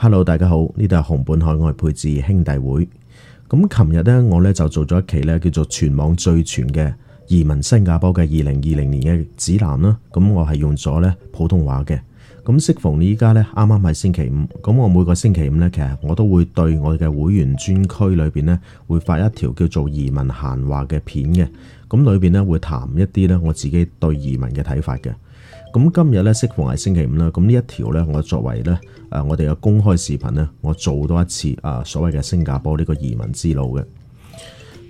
Hello，大家好，呢度係紅本海外配置兄弟會。咁琴日呢，我呢就做咗一期呢叫做全網最全嘅移民新加坡嘅二零二零年嘅指南啦。咁我係用咗呢普通話嘅。咁適逢呢依家呢啱啱係星期五，咁我每個星期五呢，其實我都會對我嘅會員專區裏邊呢會發一條叫做移民閒話嘅片嘅。咁裏邊呢，會談一啲呢我自己對移民嘅睇法嘅。咁今日咧，適逢係星期五啦。咁呢一條咧，我作為咧，誒我哋嘅公開視頻咧，我做多一次啊，所謂嘅新加坡呢個移民之路嘅。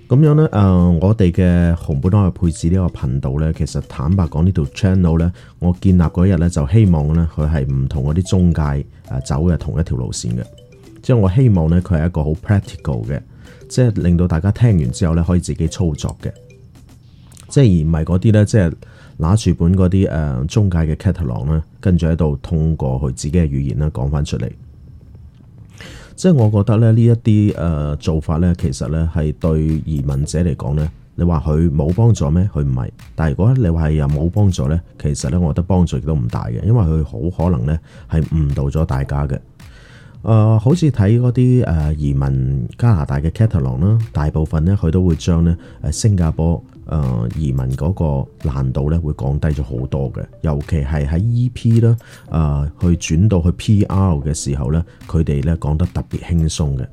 咁樣咧，誒我哋嘅紅本當嘅配置呢個頻道咧，其實坦白講，這個、頻道呢條 channel 咧，我建立嗰日咧就希望咧佢係唔同嗰啲中介誒走嘅同一條路線嘅。即係我希望咧佢係一個好 practical 嘅，即係令到大家聽完之後咧可以自己操作嘅，即係而唔係嗰啲咧，即係。拿住本嗰啲誒中介嘅 catalog 咧，跟住喺度通過佢自己嘅語言咧講翻出嚟。即係我覺得咧呢一啲誒做法咧，其實咧係對移民者嚟講咧，你話佢冇幫助咩？佢唔係。但係如果你話係又冇幫助咧，其實咧我覺得幫助亦都唔大嘅，因為佢好可能咧係誤導咗大家嘅。誒、呃，好似睇嗰啲誒移民加拿大嘅 catalog 啦，大部分咧佢都會將咧誒新加坡。誒、呃、移民嗰個難度咧，會降低咗好多嘅。尤其係喺 E.P. 啦，誒、呃、去轉到去 P.R. 嘅時候咧，佢哋咧講得特別輕鬆嘅，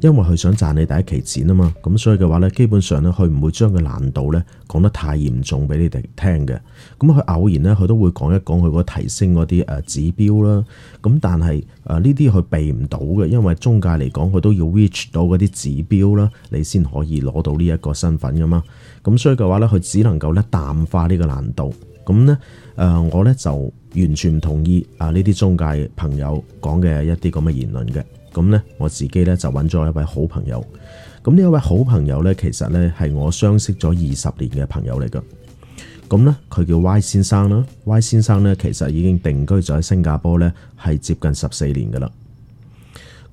因為佢想賺你第一期錢啊嘛。咁所以嘅話咧，基本上咧，佢唔會將個難度咧講得太嚴重俾你哋聽嘅。咁佢偶然咧，佢都會講一講佢個提升嗰啲指標啦。咁但係誒、呢啲佢避唔到嘅，因為中介嚟講，佢都要 reach 到嗰啲指標啦，你先可以攞到呢一個身份㗎嘛。咁所以嘅話咧，佢只能夠咧淡化呢個難度。咁咧，誒我咧就完全唔同意啊呢啲中介朋友講嘅一啲咁嘅言論嘅。咁咧，我自己咧就揾咗一位好朋友。咁呢一位好朋友咧，其實咧係我相識咗二十年嘅朋友嚟噶。咁咧，佢叫 Y 先生啦。Y 先生咧，其實已經定居咗喺新加坡咧，係接近十四年噶啦。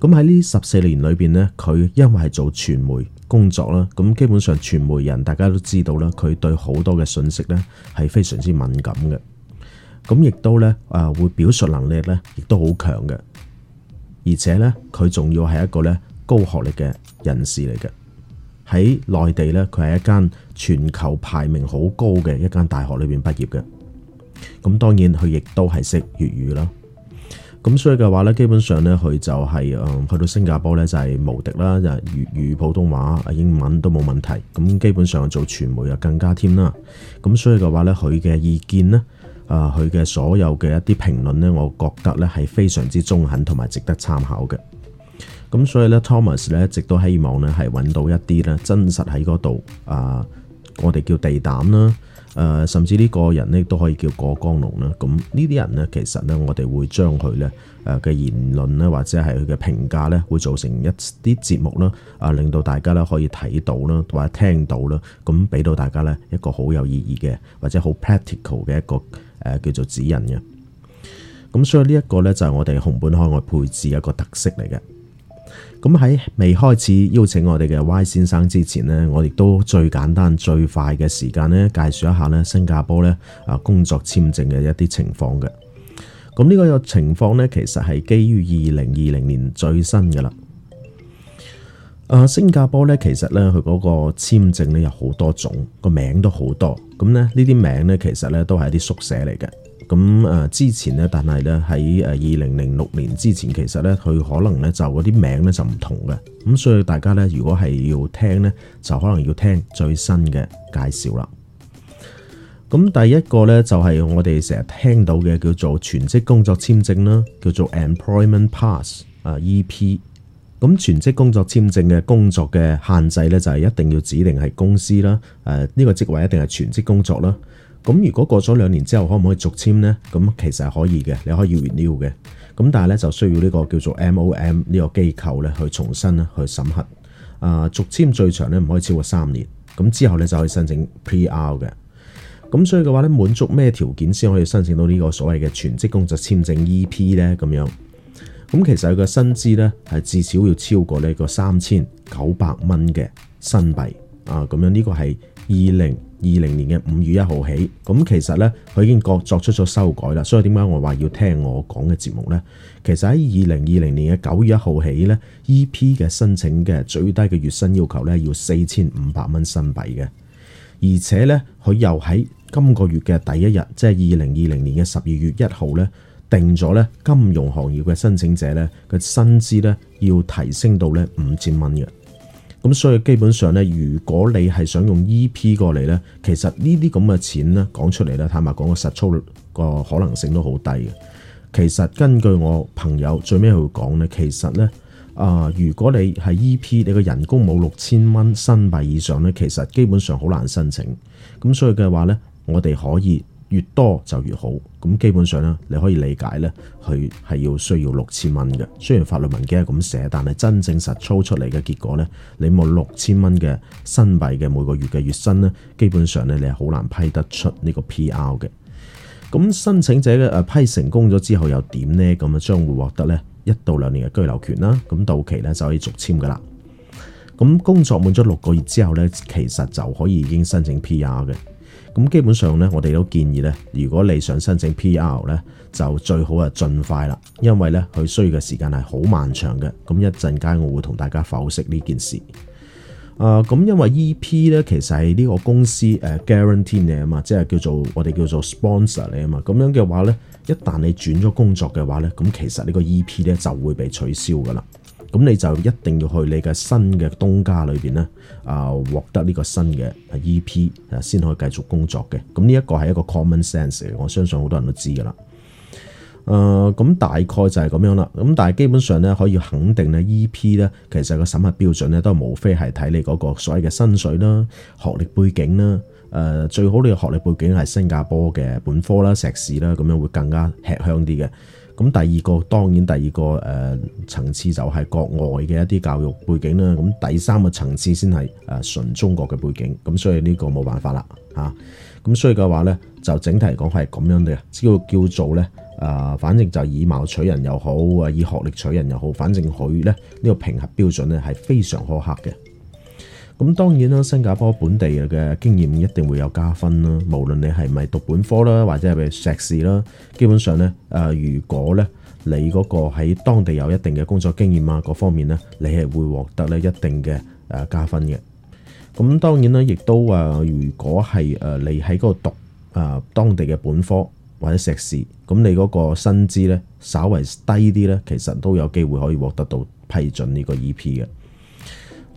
咁喺呢十四年裏邊咧，佢因為係做傳媒工作啦，咁基本上傳媒人大家都知道啦，佢對好多嘅信息咧係非常之敏感嘅，咁亦都咧啊會表述能力咧亦都好強嘅，而且咧佢仲要係一個咧高學歷嘅人士嚟嘅。喺內地咧，佢係一間全球排名好高嘅一間大學裏邊畢業嘅，咁當然佢亦都係識粵語啦。咁所以嘅話咧，基本上咧，佢就係、是、誒，去到新加坡咧就係無敵啦，就粵語、普通話、英文都冇問題。咁基本上做傳媒就更加添啦。咁所以嘅話咧，佢嘅意見咧，啊，佢嘅所有嘅一啲評論咧，我覺得咧係非常之中肯同埋值得參考嘅。咁所以咧，Thomas 咧一直都希望咧係搵到一啲咧真實喺嗰度啊，我哋叫地膽啦。誒，甚至呢個人咧都可以叫過江龍啦。咁呢啲人呢，其實呢，我哋會將佢咧誒嘅言論咧，或者係佢嘅評價呢，會做成一啲節目啦，啊，令到大家呢可以睇到啦，或者聽到啦，咁俾到大家呢一個好有意義嘅，或者好 practical 嘅一個誒叫做指引嘅。咁所以呢一個呢，就係我哋紅本海外配置一個特色嚟嘅。咁喺未開始邀請我哋嘅 Y 先生之前呢，我亦都最簡單最快嘅時間呢，介紹一下呢新加坡呢啊工作簽證嘅一啲情況嘅。咁呢個情況呢，其實係基於二零二零年最新嘅啦。啊，新加坡呢，其實呢，佢嗰個簽證呢有好多種，個名都好多。咁呢呢啲名呢，其實呢都係一啲縮寫嚟嘅。咁誒之前咧，但係咧喺誒二零零六年之前，其實咧佢可能咧就嗰啲名咧就唔同嘅。咁所以大家咧，如果係要聽咧，就可能要聽最新嘅介紹啦。咁第一個咧就係我哋成日聽到嘅叫做全職工作簽證啦，叫做 Employment Pass 啊 EP。咁全職工作簽證嘅工作嘅限制咧就係一定要指定係公司啦，誒、這、呢個職位一定係全職工作啦。咁如果過咗兩年之後，可唔可以續簽呢？咁其實係可以嘅，你可以 renew 嘅。咁但係咧就需要呢個叫做 MOM 呢個機構咧去重新去審核。啊，呃，續簽最長咧唔可以超過三年。咁之後咧就可以申請 PR 嘅。咁所以嘅話咧，滿足咩條件先可以申請到呢個所謂嘅全職工作簽證 EP 呢？咁樣咁其實佢嘅薪資呢，係至少要超過呢個三千九百蚊嘅新幣。啊，咁樣呢個係二零。二零年嘅五月一號起，咁其實呢，佢已經作作出咗修改啦。所以點解我話要聽我講嘅節目呢？其實喺二零二零年嘅九月一號起呢，EP 嘅申請嘅最低嘅月薪要求呢，要四千五百蚊新幣嘅，而且呢，佢又喺今個月嘅第一日，即係二零二零年嘅十二月一號呢，定咗呢金融行業嘅申請者呢，嘅薪資呢要提升到呢五千蚊嘅。咁所以基本上咧，如果你係想用 EP 過嚟咧，其實這這呢啲咁嘅錢咧，講出嚟咧，坦白講個實操個可能性都好低嘅。其實根據我朋友最尾去講咧，其實咧啊、呃，如果你係 EP，你個人工冇六千蚊新幣以上咧，其實基本上好難申請。咁所以嘅話咧，我哋可以。越多就越好，咁基本上咧，你可以理解咧，佢係要需要六千蚊嘅。雖然法律文件係咁寫，但係真正實操出嚟嘅結果咧，你冇六千蚊嘅新幣嘅每個月嘅月薪咧，基本上咧你係好難批得出呢個 PR 嘅。咁申請者嘅誒批成功咗之後又點呢？咁啊將會獲得咧一到兩年嘅居留權啦。咁到期咧就可以續簽噶啦。咁工作滿咗六個月之後咧，其實就可以已經申請 PR 嘅。咁基本上咧，我哋都建議咧，如果你想申請 P R 咧，就最好啊盡快啦，因為咧佢需要嘅時間係好漫長嘅。咁一陣間我會同大家剖析呢件事。誒、呃，咁因為 E P 咧，其實係呢個公司誒 guarantee 你啊嘛，即係叫做我哋叫做 sponsor 你啊嘛。咁樣嘅話咧，一旦你轉咗工作嘅話咧，咁其實呢個 EP 呢個 E P 咧就會被取消噶啦。咁你就一定要去你嘅新嘅東家裏邊咧，啊獲得呢個新嘅 EP，先可以繼續工作嘅。咁呢一個係一個 common sense，我相信好多人都知噶啦。誒、呃，咁大概就係咁樣啦。咁但係基本上咧，可以肯定咧，EP 咧其實個審核標準咧都係無非係睇你嗰個所謂嘅薪水啦、學歷背景啦。誒、呃，最好你嘅學歷背景係新加坡嘅本科啦、碩士啦，咁樣會更加吃香啲嘅。咁第二個當然第二個誒層、呃、次就係國外嘅一啲教育背景啦。咁第三個層次先係誒純中國嘅背景。咁所以呢個冇辦法啦。啊，咁所以嘅話咧，就整體嚟講係咁樣嘅。只要叫做咧誒、呃，反正就以貌取人又好啊，以學歷取人又好，反正佢咧呢、這個評核標準咧係非常苛刻嘅。咁當然啦，新加坡本地嘅經驗一定會有加分啦。無論你係咪讀本科啦，或者係咪碩士啦，基本上咧，誒、呃、如果咧你嗰個喺當地有一定嘅工作經驗啊，各方面咧，你係會獲得咧一定嘅誒加分嘅。咁當然啦，亦都誒，如果係誒你喺嗰度讀誒、呃、當地嘅本科或者碩士，咁你嗰個薪資咧稍為低啲咧，其實都有機會可以獲得到批准呢個 E P 嘅。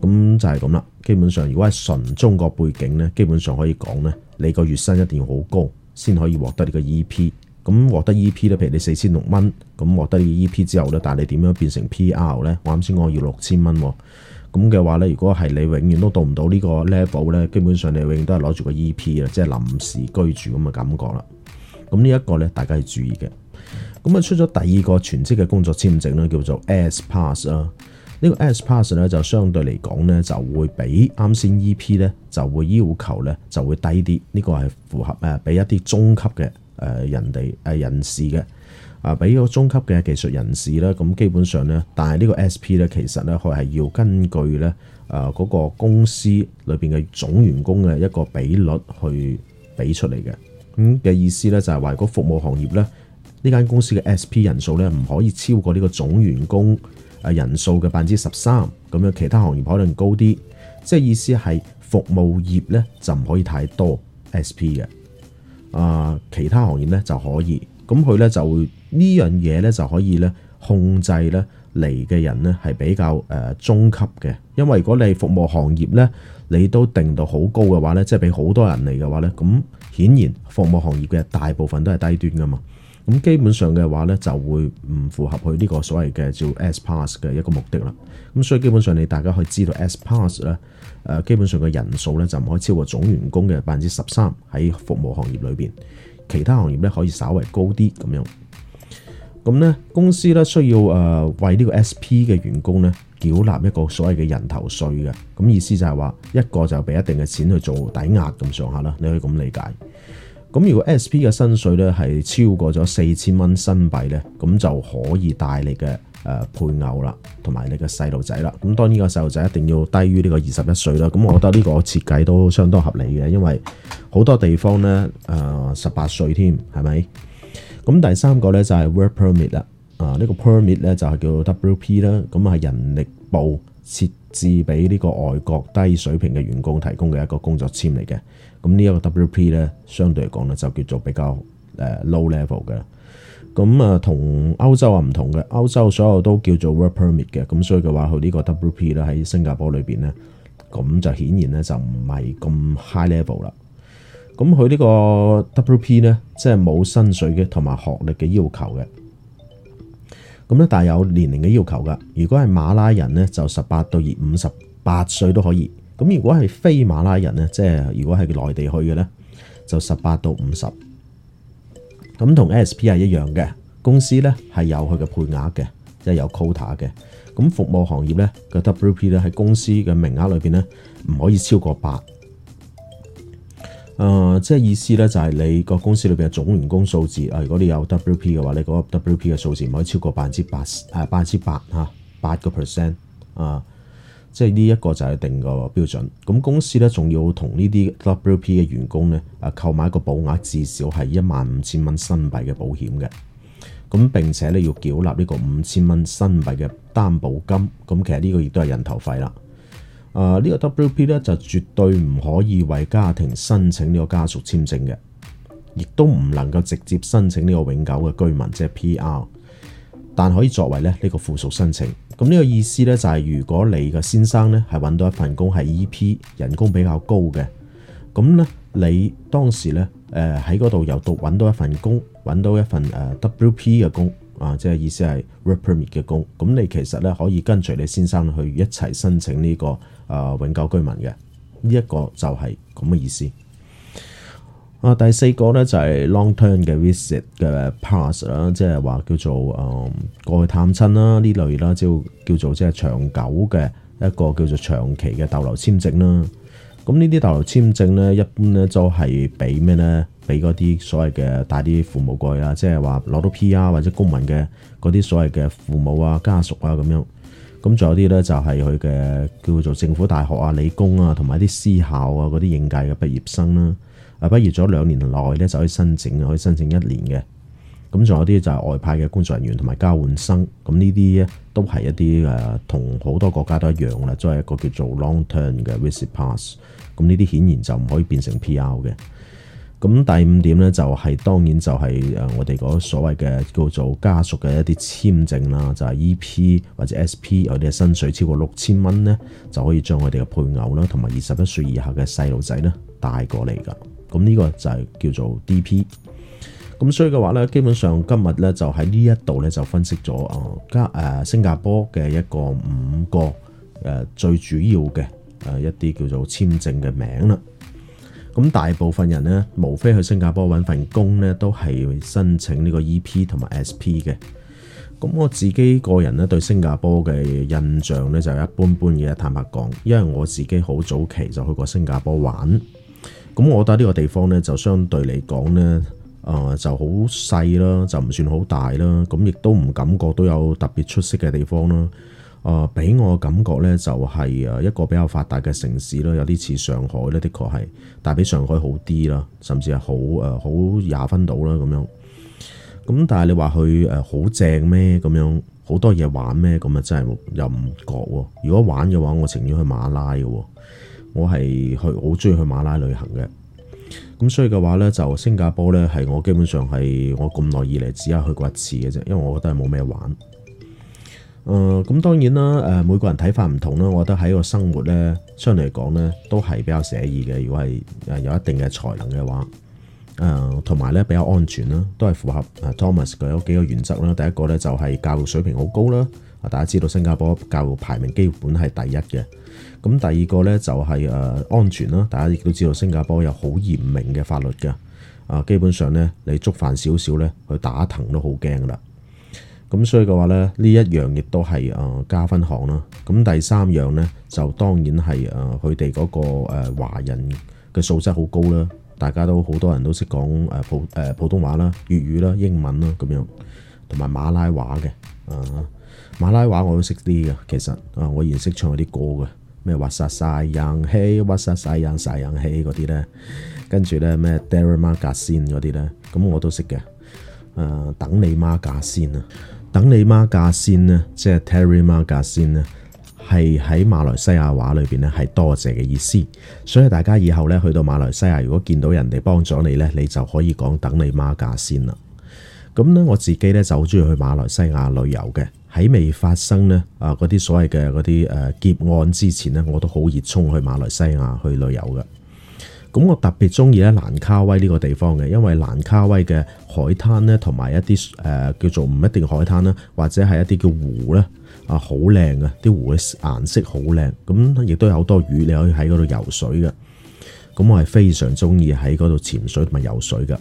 咁就係咁啦。基本上，如果係純中國背景咧，基本上可以講咧，你個月薪一定要好高，先可以獲得呢個 EP。咁獲得 EP 咧，譬如你四千六蚊，咁獲得你 EP 之後咧，但係你點樣變成 PR 咧？我啱先講要六千蚊喎。咁嘅話咧，如果係你永遠都到唔到呢個 level 咧，基本上你永遠都係攞住個 EP 啦，即係臨時居住咁嘅感覺啦。咁呢一個咧，大家要注意嘅。咁啊，出咗第二個全職嘅工作簽證咧，叫做 S Pass 啦、啊。呢、這個 S pass 咧就相對嚟講咧就會比啱先 EP 咧就會要求咧就會低啲，呢、這個係符合誒俾、啊、一啲中級嘅誒人哋誒、呃、人士嘅啊，俾個中級嘅技術人士啦。咁基本上咧，但係呢個 SP 咧其實咧佢係要根據咧誒嗰個公司裏邊嘅總員工嘅一個比率去俾出嚟嘅。咁、嗯、嘅意思咧就係、是、話如果服務行業咧呢間公司嘅 SP 人數咧唔可以超過呢個總員工。人數嘅百分之十三咁樣，其他行業可能高啲，即係意思係服務業呢就唔可以太多 S P 嘅，啊，其他行業呢就可以，咁佢呢就會呢樣嘢呢就可以呢控制呢嚟嘅人呢係比較誒中級嘅，因為如果你係服務行業呢，你都定到好高嘅話呢，即係俾好多人嚟嘅話呢，咁顯然服務行業嘅大部分都係低端噶嘛。咁基本上嘅話呢，就會唔符合佢呢個所謂嘅叫 S Pass 嘅一個目的啦。咁所以基本上你大家可以知道 S Pass 呢，誒基本上嘅人數呢，就唔可以超過總員工嘅百分之十三喺服務行業裏邊，其他行業呢，可以稍微高啲咁樣。咁呢，公司呢，需要誒為呢個 SP 嘅員工呢繳納一個所謂嘅人頭稅嘅。咁意思就係話一個就俾一定嘅錢去做抵押咁上下啦，你可以咁理解。咁如果 S.P. 嘅薪水咧係超過咗四千蚊新幣咧，咁就可以帶你嘅誒配偶啦，同埋你嘅細路仔啦。咁當然呢個細路仔一定要低於呢個二十一歲啦。咁我覺得呢個設計都相當合理嘅，因為好多地方咧誒十八歲添，係咪？咁第三個咧就係 Work Permit 啦。啊，呢個 permit 咧就係叫 W.P. 啦。咁係人力部設。自畀呢個外國低水平嘅員工提供嘅一個工作簽嚟嘅，咁呢一個 WP 咧，相對嚟講咧就叫做比較誒 low level 嘅。咁啊，同歐洲啊唔同嘅，歐洲所有都叫做 work permit 嘅，咁所以嘅話佢呢個 WP 咧喺新加坡裏邊咧，咁就顯然咧就唔係咁 high level 啦，咁佢呢個 WP 咧即係冇薪水嘅同埋學歷嘅要求嘅。咁咧，但有年齡嘅要求噶。如果係馬拉人咧，就十八到二五十八歲都可以。咁如果係非馬拉人咧，即係如果係內地去嘅咧，就十八到五十。咁同 S P 係一樣嘅，公司咧係有佢嘅配額嘅，即係有 quota 嘅。咁服務行業咧，個 W P 咧喺公司嘅名額裏邊咧，唔可以超過八。誒，即係意思咧，就係你個公司裏邊嘅總員工數字，誒，如果你有 WP 嘅話，你嗰個 WP 嘅數字唔可以超過百分之八，誒，百分之八吓，八個 percent，啊，即係呢一個就係定個標準。咁公司咧，仲要同呢啲 WP 嘅員工咧，誒，購買一個保額至少係一萬五千蚊新幣嘅保險嘅。咁並且咧要繳納呢個五千蚊新幣嘅擔保金。咁其實呢個亦都係人頭費啦。誒、這、呢個 WP 咧就絕對唔可以為家庭申請呢個家屬簽證嘅，亦都唔能夠直接申請呢個永久嘅居民即係 PR，但可以作為咧呢個附屬申請。咁呢個意思咧就係如果你嘅先生咧係揾到一份工係 EP 人工比較高嘅，咁咧你當時咧誒喺嗰度又讀揾到一份工，揾到一份誒 WP 嘅工。啊，即係意思係 work permit 嘅工，咁你其實咧可以跟隨你先生去一齊申請呢、這個啊、呃、永久居民嘅，呢、這、一個就係咁嘅意思。啊，第四個咧就係、是、long term 嘅 visit 嘅 pass 啦，即係話叫做誒、呃、過去探親啦呢類啦，就叫做即係長久嘅一個叫做長期嘅逗留簽證啦。咁呢啲逗留簽證咧，一般咧就係俾咩咧？俾嗰啲所謂嘅大啲父母過去啦，即係話攞到 P.R. 或者公民嘅嗰啲所謂嘅父母啊、家屬啊咁樣。咁仲有啲呢，就係佢嘅叫做政府大學啊、理工啊同埋啲私校啊嗰啲應屆嘅畢業生啦、啊。啊，畢業咗兩年內呢，就可以申請，可以申請一年嘅。咁仲有啲就係外派嘅工作人員同埋交換生。咁呢啲都係一啲誒同好多國家都一樣啦。都係一個叫做 long term 嘅 visit pass。咁呢啲顯然就唔可以變成 P.R. 嘅。咁第五點咧、就是，就係當然就係誒我哋嗰所謂嘅叫做家屬嘅一啲簽證啦，就係、是、E.P. 或者 S.P. 我哋嘅薪水超過六千蚊咧，就可以將我哋嘅配偶啦，同埋二十一歲以下嘅細路仔咧帶過嚟㗎。咁呢個就係叫做 D.P. 咁所以嘅話咧，基本上今日咧就喺呢一度咧就分析咗誒加誒新加坡嘅一個五個誒最主要嘅誒一啲叫做簽證嘅名啦。咁大部分人咧，無非去新加坡揾份工咧，都係申請呢個 EP 同埋 SP 嘅。咁我自己個人咧，對新加坡嘅印象咧就一般般嘅，坦白講。因為我自己好早期就去過新加坡玩，咁我覺得呢個地方咧就相對嚟講咧，啊就好細啦，就唔算好大啦，咁亦都唔感覺都有特別出色嘅地方啦。啊、呃，俾我感覺呢，就係、是、一個比較發達嘅城市啦，有啲似上海呢，的確係，但係比上海好啲啦，甚至係好誒、呃、好廿分到啦咁樣。咁但係你話佢、呃、好正咩？咁樣好多嘢玩咩？咁啊真係又唔覺喎、哦。如果玩嘅話，我情願去馬拉嘅喎、哦。我係去好中意去馬拉旅行嘅。咁所以嘅話呢，就新加坡呢，係我基本上係我咁耐以嚟只係去過一次嘅啫，因為我覺得係冇咩玩。誒、嗯、咁當然啦，每個人睇法唔同啦。我覺得喺個生活咧，相對嚟講咧，都係比較寫意嘅。如果係有一定嘅才能嘅話，誒同埋咧比較安全啦，都係符合 Thomas 佢有幾個原則啦。第一個咧就係、是、教育水平好高啦。啊，大家知道新加坡教育排名基本係第一嘅。咁第二個咧就係、是、安全啦。大家亦都知道新加坡有好嚴明嘅法律嘅。啊，基本上咧你觸犯少少咧，去打藤都好驚噶啦。咁所以嘅話咧，呢一樣亦都係誒、呃、加分項啦。咁第三樣咧，就當然係誒佢哋嗰個誒華、呃、人嘅素質好高啦。大家都好多人都識講誒普誒、呃、普通話啦、粵語啦、英文啦咁樣，同埋馬拉話嘅。誒、啊、馬拉話我都識啲嘅，其實啊，我原識唱嗰啲歌嘅，咩挖殺曬人氣、挖殺曬人、殺人氣嗰啲咧，跟住咧咩 Dare 馬甲仙嗰啲咧，咁我都識嘅。誒、啊、等你媽嫁先啊！等你媽嫁先咧，即係 Terry 媽嫁先咧，係喺馬來西亞話裏邊咧係多謝嘅意思。所以大家以後咧去到馬來西亞，如果見到人哋幫咗你咧，你就可以講等你媽嫁先啦。咁咧我自己咧就好中意去馬來西亞旅遊嘅。喺未發生咧啊嗰啲所謂嘅嗰啲誒劫案之前咧，我都好熱衷去馬來西亞去旅遊嘅。咁我特別中意咧蘭卡威呢個地方嘅，因為蘭卡威嘅海灘咧，同埋一啲、呃、叫做唔一定海灘啦，或者係一啲叫湖咧，啊好靚呀，啲湖嘅顏色好靚，咁亦都有好多魚，你可以喺嗰度游水嘅。咁我係非常中意喺嗰度潛水同埋游水嘅。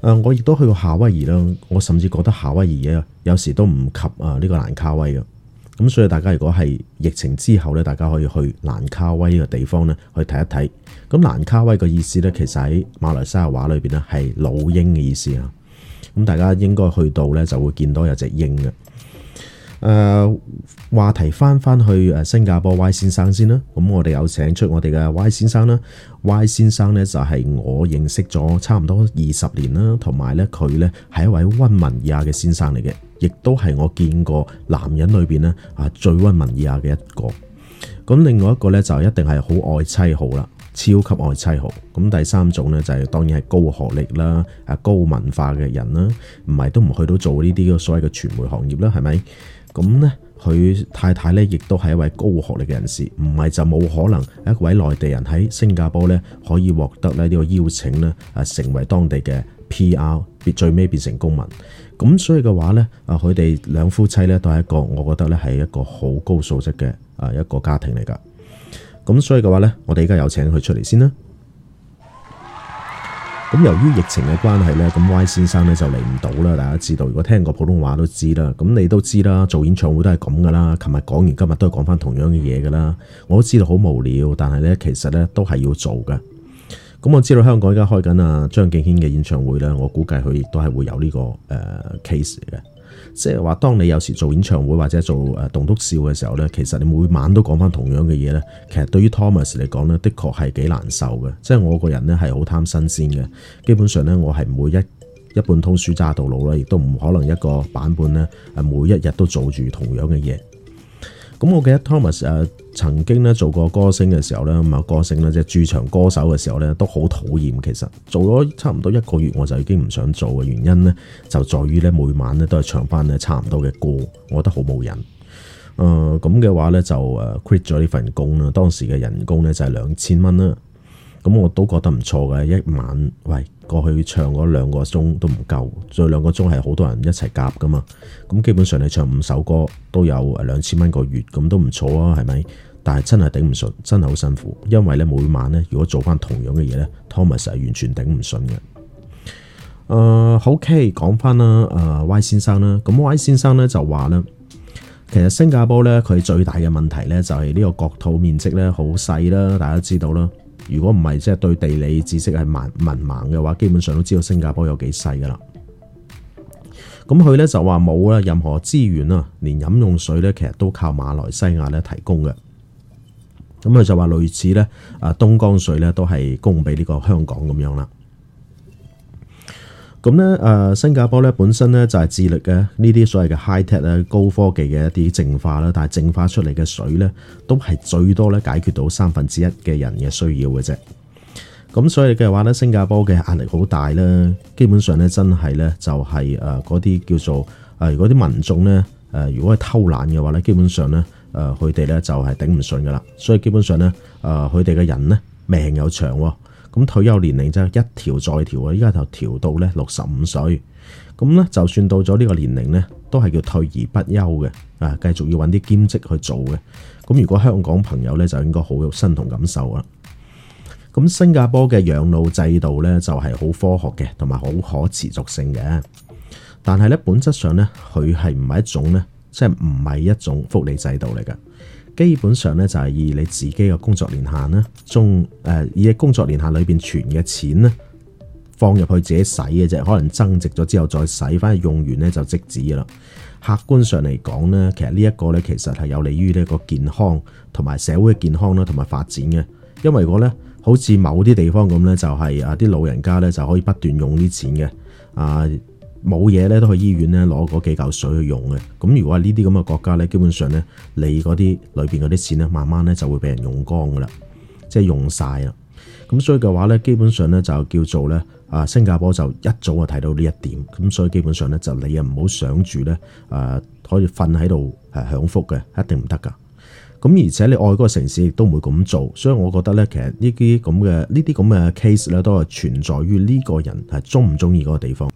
呃，我亦都去過夏威夷啦，我甚至覺得夏威夷呀，有時都唔及啊呢個蘭卡威嘅。咁所以大家如果係疫情之後咧，大家可以去蘭卡威個地方咧，去睇一睇。咁蘭卡威個意思咧，其實喺馬來西亞話裏邊咧，係老鷹嘅意思啊。咁大家應該去到咧，就會見到有隻鷹嘅。誒、呃，話題翻翻去誒新加坡 Y 先生先啦。咁我哋有請出我哋嘅 Y 先生啦。Y 先生咧就係、是、我認識咗差唔多二十年啦，同埋咧佢咧係一位溫文爾雅嘅先生嚟嘅。亦都係我見過男人裏邊咧啊最溫文爾雅嘅一個。咁另外一個咧就一定係好愛妻號啦，超級愛妻號。咁第三種咧就係當然係高學歷啦，啊高文化嘅人啦，唔係都唔去到做呢啲嘅所謂嘅傳媒行業啦，係咪？咁咧佢太太咧亦都係一位高學歷嘅人士，唔係就冇可能一位內地人喺新加坡咧可以獲得咧呢個邀請咧啊成為當地嘅 P.R. 最尾變成公民，咁所以嘅話呢，啊佢哋兩夫妻呢都係一個，我覺得呢係一個好高素質嘅啊一個家庭嚟噶。咁所以嘅話呢，我哋而家有請佢出嚟先啦。咁由於疫情嘅關係呢，咁 Y 先生呢就嚟唔到啦。大家知道，如果聽過普通話都知啦。咁你都知啦，做演唱會都係咁噶啦。琴日講完，今日都係講翻同樣嘅嘢噶啦。我都知道好無聊，但係呢其實呢都係要做噶。咁我知道香港而家開緊啊張敬軒嘅演唱會咧，我估計佢亦都係會有呢個誒 case 嘅，即係話當你有時做演唱會或者做誒棟篤笑嘅時候咧，其實你每晚都講翻同樣嘅嘢咧，其實對於 Thomas 嚟講咧的確係幾難受嘅。即係我個人咧係好貪新鮮嘅，基本上咧我係唔會一一本通書揸到老啦，亦都唔可能一個版本咧誒每一日都做住同樣嘅嘢。咁我記得 Thomas 誒曾經咧做過歌星嘅時候咧，咁啊歌星咧即係駐場歌手嘅時候咧，都好討厭。其實做咗差唔多一個月，我就已經唔想做嘅原因咧，就在於咧每晚咧都係唱翻咧差唔多嘅歌，我覺得好冇癮。誒咁嘅話咧就誒 quit 咗呢份工啦。當時嘅人工咧就係兩千蚊啦。咁我都覺得唔錯嘅，一晚喂過去唱嗰兩個鐘都唔夠，再兩個鐘係好多人一齊夾噶嘛。咁基本上你唱五首歌都有兩千蚊個月，咁都唔錯啊，係咪？但係真係頂唔順，真係好辛苦，因為呢，每晚呢，如果做翻同樣嘅嘢呢 Thomas 係完全頂唔順嘅。誒 OK 講翻啦，誒 Y 先生啦，咁 Y 先生呢就話呢其實新加坡呢，佢最大嘅問題呢就係、是、呢個國土面積呢好細啦，大家都知道啦。如果唔係，即係對地理知識係蠻文盲嘅話，基本上都知道新加坡有幾細噶啦。咁佢咧就話冇啦，任何資源啦，連飲用水咧，其實都靠馬來西亞咧提供嘅。咁佢就話類似咧，啊東江水咧都係供俾呢個香港咁樣啦。咁咧，誒新加坡咧本身咧就係致力嘅呢啲所謂嘅 high tech 高科技嘅一啲淨化啦，但係淨化出嚟嘅水咧，都係最多咧解決到三分之一嘅人嘅需要嘅啫。咁所以嘅話咧，新加坡嘅壓力好大啦。基本上咧，真係咧就係誒嗰啲叫做誒如果啲民眾咧誒如果係偷懶嘅話咧，基本上咧誒佢哋咧就係頂唔順噶啦。所以基本上咧誒佢哋嘅人咧命又長喎。咁退休年齡就一調再調啊，依家就調到咧六十五歲。咁咧就算到咗呢個年齡咧，都係叫退而不休嘅，啊，繼續要揾啲兼職去做嘅。咁如果香港朋友咧，就應該好有身同感受啦。咁新加坡嘅養老制度咧，就係好科學嘅，同埋好可持續性嘅。但係咧，本質上咧，佢係唔係一種咧，即係唔係一種福利制度嚟嘅。基本上咧就係以你自己嘅工作年限咧，中、呃、誒以嘅工作年限裏邊存嘅錢咧，放入去自己使嘅啫。可能增值咗之後再使翻去，用完咧就即止噶啦。客觀上嚟講咧，其實呢一個咧其實係有利於呢個健康同埋社會嘅健康啦，同埋發展嘅。因為如果咧好似某啲地方咁咧，就係啊啲老人家咧就可以不斷用啲錢嘅啊。冇嘢咧，都去醫院咧攞嗰幾嚿水去用嘅。咁如果係呢啲咁嘅國家咧，基本上咧，你嗰啲裏面嗰啲錢咧，慢慢咧就會畀人用光噶啦，即係用晒啦。咁所以嘅話咧，基本上咧就叫做咧啊，新加坡就一早就睇到呢一點咁，所以基本上咧就你又唔好想住咧啊，可以瞓喺度享福嘅，一定唔得噶。咁而且你外國城市亦都唔會咁做，所以我覺得咧，其實呢啲咁嘅呢啲咁嘅 case 咧都係存在於呢個人係中唔中意嗰個地方。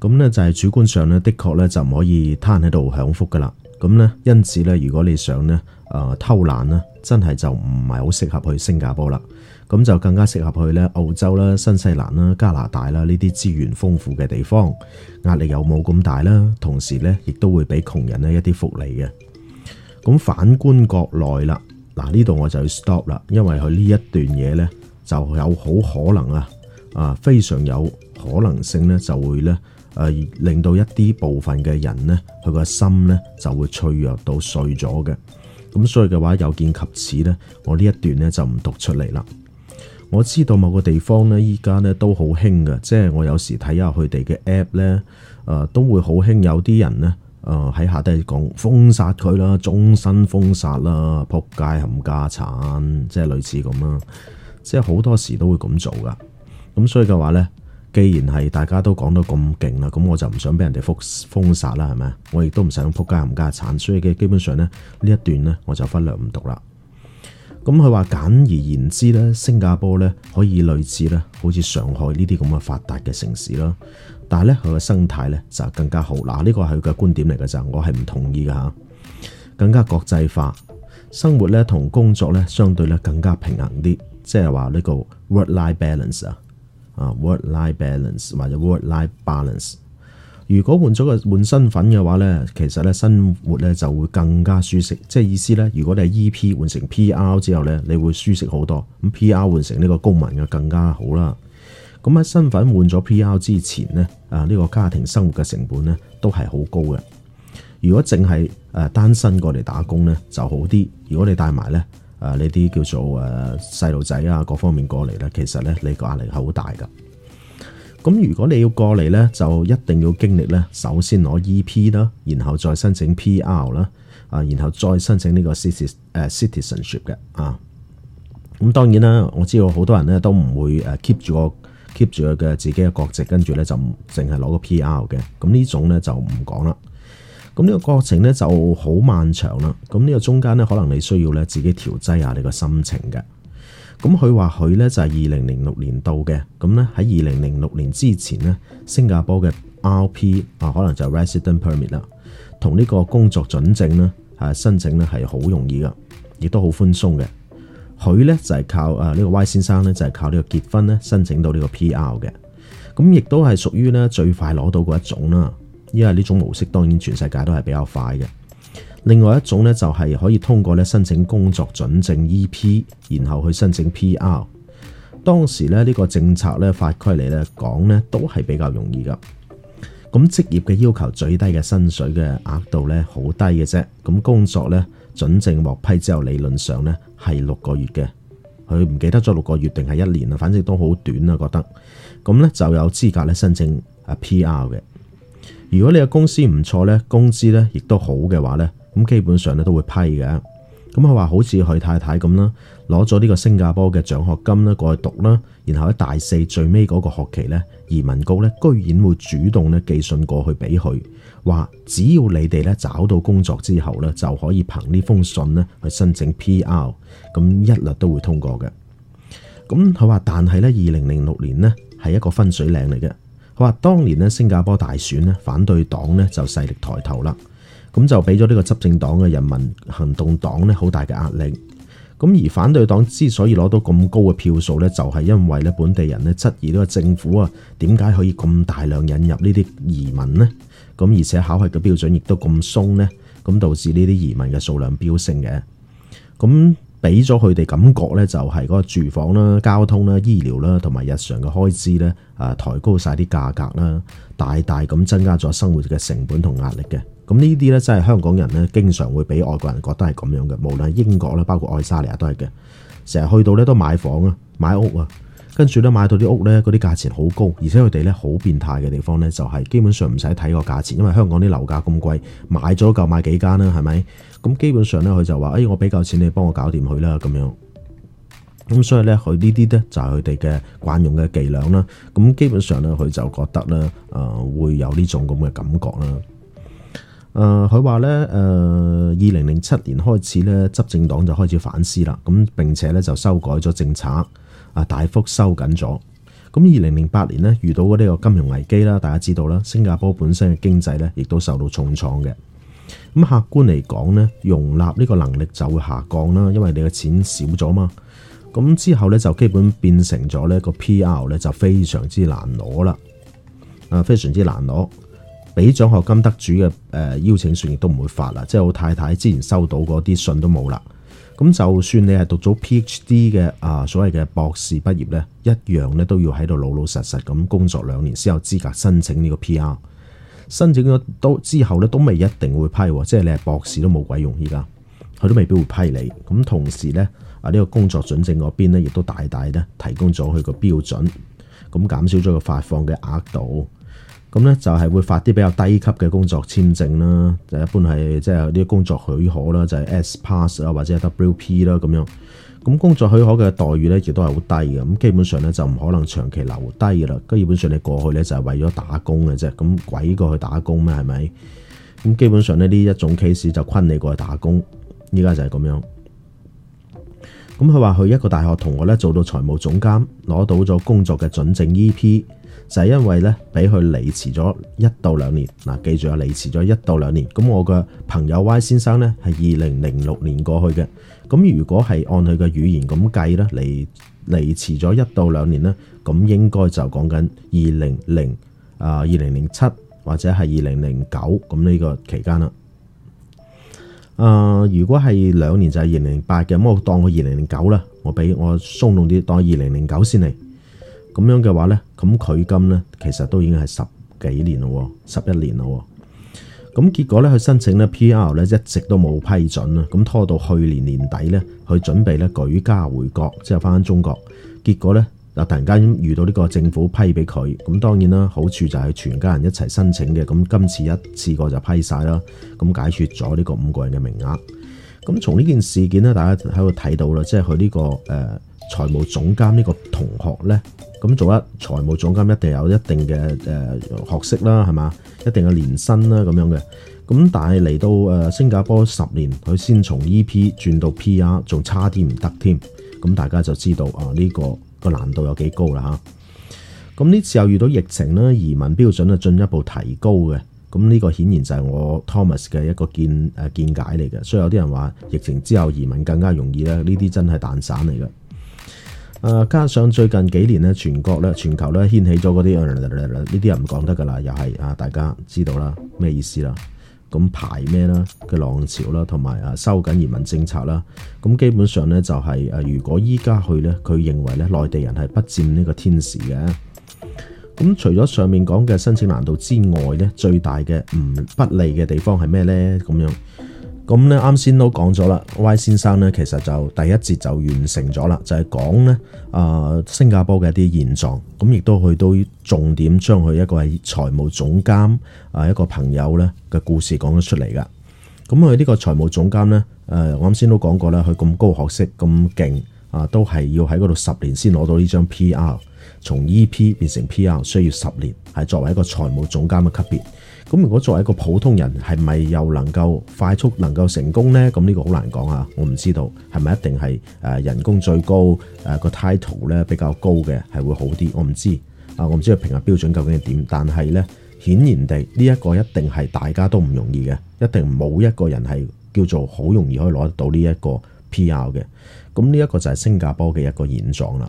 咁咧就係主觀上咧，的確咧就唔可以攤喺度享福噶啦。咁咧，因此咧，如果你想咧，誒偷懶呢，真係就唔係好適合去新加坡啦。咁就更加適合去咧澳洲啦、新西蘭啦、加拿大啦呢啲資源豐富嘅地方，壓力又冇咁大啦。同時咧，亦都會俾窮人呢一啲福利嘅。咁反觀國內啦，嗱呢度我就要 stop 啦，因為佢呢一段嘢咧就有好可能啊，啊非常有可能性咧就會咧。誒令到一啲部分嘅人呢，佢個心呢就會脆弱到碎咗嘅。咁所以嘅話有見及此呢，我呢一段呢就唔讀出嚟啦。我知道某個地方呢，依家呢都好興嘅，即係我有時睇下佢哋嘅 app 呢，誒、呃、都會好興。有啲人呢，誒、呃、喺下底講封殺佢啦，終身封殺啦，撲街冚家產，即係類似咁啦。即係好多時都會咁做噶。咁所以嘅話呢。既然係大家都講到咁勁啦，咁我就唔想俾人哋封封殺啦，係咪？我亦都唔想撲街冚家產，所以嘅基本上咧，呢一段咧我就忽略唔讀啦。咁佢話簡而言之咧，新加坡咧可以類似咧，好似上海呢啲咁嘅發達嘅城市啦，但係咧佢嘅生態咧就更加好。嗱，呢個係佢嘅觀點嚟嘅就我係唔同意嘅嚇。更加國際化生活咧，同工作咧相對咧更加平衡啲，即係話呢個 work-life balance 啊。啊 work-life balance 或者 work-life balance，如果換咗個換身份嘅話咧，其實咧生活咧就會更加舒適，即係意思咧，如果你係 EP 換成 PR 之後咧，你會舒適好多。咁 PR 換成呢個公民嘅更加好啦。咁喺身份換咗 PR 之前咧，啊、這、呢個家庭生活嘅成本咧都係好高嘅。如果淨係誒單身過嚟打工咧就好啲。如果你帶埋咧，啊！呢啲叫做誒細路仔啊，各方面過嚟咧，其實咧你個壓力係好大㗎。咁如果你要過嚟咧，就一定要經歷咧，首先攞 EP 啦，然後再申請 PR 啦，啊，然後再申請呢個 citizen、uh, citizenship 嘅。啊，咁當然啦，我知道好多人咧都唔會誒 keep 住個 keep 住佢嘅自己嘅國籍，跟住咧就唔淨係攞個 PR 嘅。咁呢種咧就唔講啦。咁呢個過程咧就好漫長啦，咁呢個中間咧可能你需要咧自己調劑下你個心情嘅。咁佢話佢咧就係二零零六年到嘅，咁咧喺二零零六年之前咧，新加坡嘅 R P 啊，可能就 Resident Permit 啦，同呢個工作准證咧，啊申請咧係好容易噶，亦都好寬鬆嘅。佢咧就係靠呢、呢個 Y 先生咧就係靠呢個結婚咧申請到呢個 P R 嘅，咁亦都係屬於咧最快攞到嗰一種啦。因為呢種模式當然全世界都係比較快嘅。另外一種咧就係可以通過咧申請工作準證 E.P.，然後去申請 P.R.。當時咧呢個政策咧法規嚟咧講咧都係比較容易㗎。咁職業嘅要求最低嘅薪水嘅額度咧好低嘅啫。咁工作咧準證獲批之後，理論上咧係六個月嘅。佢唔記得咗六個月定係一年啦，反正都好短啊。覺得咁咧就有資格咧申請啊 P.R. 嘅。如果你嘅公司唔錯呢，工資呢亦都好嘅話呢，咁基本上呢都會批嘅。咁佢話好似佢太太咁啦，攞咗呢個新加坡嘅獎學金呢過去讀啦，然後喺大四最尾嗰個學期呢，移民局呢居然會主動呢寄信過去俾佢，話只要你哋呢找到工作之後呢，就可以憑呢封信呢去申請 PR，咁一律都會通過嘅。咁佢話，但係呢，二零零六年呢，係一個分水嶺嚟嘅。佢話：當年咧，新加坡大選咧，反對黨咧就勢力抬頭啦，咁就俾咗呢個執政黨嘅人民行動黨咧好大嘅壓力。咁而反對黨之所以攞到咁高嘅票數咧，就係因為咧本地人咧質疑呢個政府啊，點解可以咁大量引入呢啲移民呢？咁而且考核嘅標準亦都咁鬆呢，咁導致呢啲移民嘅數量飆升嘅。咁俾咗佢哋感覺咧，就係嗰個住房啦、交通啦、醫療啦，同埋日常嘅開支咧，啊，抬高晒啲價格啦，大大咁增加咗生活嘅成本同壓力嘅。咁呢啲咧，真係香港人咧，經常會俾外國人覺得係咁樣嘅。無論英國啦，包括愛沙尼亞都係嘅，成日去到咧都買房啊，買屋啊。跟住咧，買到啲屋咧，嗰啲價錢好高，而且佢哋咧好變態嘅地方咧，就係基本上唔使睇個價錢，因為香港啲樓價咁貴，買咗夠買幾間啦，係咪？咁基本上咧，佢就話：哎，我俾夠錢，你幫我搞掂佢啦，咁樣。咁所以咧，佢呢啲咧就係佢哋嘅慣用嘅伎倆啦。咁基本上咧，佢就覺得咧，啊、呃，會有呢種咁嘅感覺啦。誒、呃，佢話咧，誒、呃，二零零七年開始咧，執政黨就開始反思啦，咁並且咧就修改咗政策。啊！大幅收緊咗，咁二零零八年咧遇到呢個金融危機啦，大家知道啦，新加坡本身嘅經濟咧亦都受到重創嘅。咁客觀嚟講咧，容納呢個能力就會下降啦，因為你嘅錢少咗嘛。咁之後咧就基本變成咗咧個 PR 咧就非常之難攞啦。啊，非常之難攞，俾獎學金得主嘅誒邀請信亦都唔會發啦，即係我太太之前收到嗰啲信都冇啦。咁就算你係讀咗 PhD 嘅啊，所謂嘅博士畢業呢，一樣呢都要喺度老老實實咁工作兩年先有資格申請呢個 PR。申請咗都之後呢，都未一定會批，即係你係博士都冇鬼用，依家佢都未必會批你。咁同時呢，啊，呢個工作準證嗰邊呢，亦都大大咧提供咗佢個標準，咁減少咗個發放嘅額度。咁咧就係會發啲比較低級嘅工作簽證啦，就是、一般係即係啲工作許可啦，就係、是、S pass 啊或者 WP 啦咁樣。咁工作許可嘅待遇咧亦都係好低嘅，咁基本上咧就唔可能長期留低嘅啦。咁基本上你過去咧就係為咗打工嘅啫，咁鬼過去打工咩係咪？咁基本上咧呢一種 case 就坤你過去打工，依家就係咁樣。咁佢話佢一個大學同學咧做到財務總監，攞到咗工作嘅準證 E P。就係、是、因為咧，俾佢離遲咗一到兩年。嗱，記住有離遲咗一到兩年。咁我嘅朋友 Y 先生咧，係二零零六年過去嘅。咁如果係按佢嘅語言咁計咧，離離遲咗一到兩年咧，咁應該就講緊二零零啊，二零零七或者係二零零九咁呢個期間啦。誒、呃，如果係兩年就係二零零八嘅，咁我當佢二零零九啦。我俾我鬆動啲，當二零零九先嚟。咁樣嘅話呢，咁佢今呢，其實都已經係十幾年咯，十一年咯。咁結果呢，佢申請呢 PR 呢，一直都冇批准啊。咁拖到去年年底呢，佢準備呢舉家回國，即係翻中國。結果呢，嗱突然間遇到呢個政府批俾佢。咁當然啦，好處就係全家人一齊申請嘅。咁今次一次過就批晒啦。咁解決咗呢個五個人嘅名額。咁從呢件事件呢，大家喺度睇到啦，即係佢呢個誒。呃財務總監呢個同學呢，咁做一財務總監一定有一定嘅誒學識啦，係嘛？一定嘅年薪啦咁樣嘅。咁但係嚟到誒新加坡十年，佢先從 E P 轉到 P R，仲差啲唔得添。咁大家就知道啊，呢、呢個、呢個難度有幾高啦嚇。咁、啊、呢次又遇到疫情啦，移民標準啊進一步提高嘅。咁呢個顯然就係我 Thomas 嘅一個見誒見解嚟嘅。所以有啲人話疫情之後移民更加容易咧，呢啲真係蛋散嚟嘅。啊，加上最近幾年咧，全國咧、全球咧掀起咗嗰啲，呢啲又唔講得噶啦，又係啊，大家知道啦，咩意思啦？咁排咩啦嘅浪潮啦，同埋啊，收緊移民政策啦，咁基本上咧就係、是、誒、啊，如果依家去咧，佢認為咧內地人係不佔呢個天時嘅。咁除咗上面講嘅申請難度之外咧，最大嘅唔不利嘅地方係咩咧？咁樣？咁咧，啱先都講咗啦，Y 先生咧，其實就第一節就完成咗啦，就係講咧，啊、呃，新加坡嘅一啲現狀，咁亦都去到重點，將佢一個係財務總監啊，一個朋友咧嘅故事講咗出嚟噶。咁佢呢個財務總監咧，誒、呃，我啱先都講過啦，佢咁高學識，咁勁啊，都係要喺嗰度十年先攞到呢張 PR，從 EP 變成 PR 需要十年，係作為一個財務總監嘅級別。咁如果作為一個普通人，係咪又能夠快速能夠成功呢？咁呢個好難講啊，我唔知道係咪一定係誒人工最高誒個 title 咧比較高嘅係會好啲，我唔知啊，我唔知佢評核標準究竟係點。但係呢，顯然地呢一個一定係大家都唔容易嘅，一定冇一個人係叫做好容易可以攞得到呢一個 PR 嘅。咁呢一個就係新加坡嘅一個現狀啦。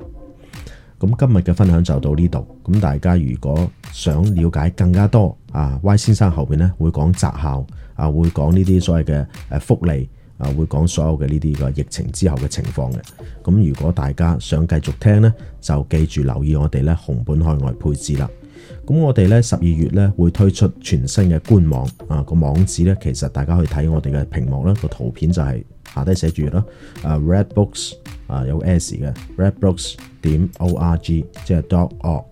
咁今日嘅分享就到呢度，咁大家如果想了解更加多啊，Y 先生後邊咧會講擇校啊，會講呢啲所謂嘅誒福利啊，會講所有嘅呢啲個疫情之後嘅情況嘅，咁如果大家想繼續聽咧，就記住留意我哋咧紅本海外配置啦。咁我哋咧十二月咧會推出全新嘅官網，啊個網址咧其實大家可以睇我哋嘅屏幕啦，個圖片就係下低寫住啦，啊 Red Book 啊有 s 嘅 Red Book 點 org 即係 dot org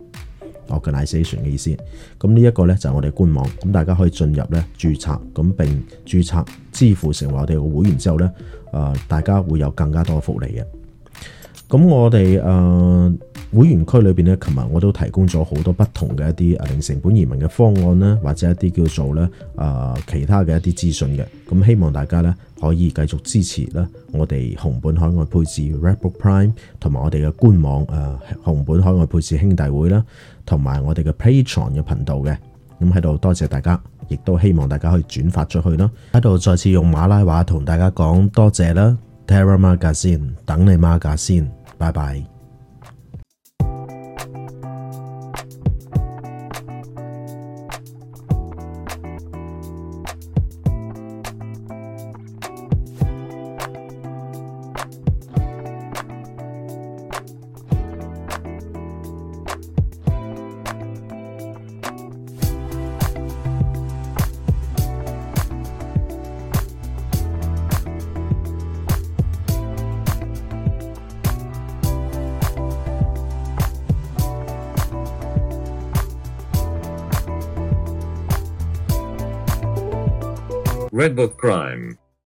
organisation 嘅意思，咁呢一個咧就係我哋官網，咁大家可以進入咧注冊，咁並注冊支付成為我哋嘅會員之後咧，大家會有更加多福利嘅。咁我哋誒、呃、會員區裏面呢，咧，琴日我都提供咗好多不同嘅一啲零成本移民嘅方案啦，或者一啲叫做咧誒、呃、其他嘅一啲資訊嘅。咁希望大家咧可以繼續支持啦。我哋紅本海外配置 Redbook Prime 同埋我哋嘅官網、呃、紅本海外配置兄弟會啦，同埋我哋嘅 Patreon 嘅頻道嘅。咁喺度多謝大家，亦都希望大家可以轉發出去啦。喺度再次用馬拉話同大家講多謝啦，Terra Maga 先，等你 Maga 先。拜拜。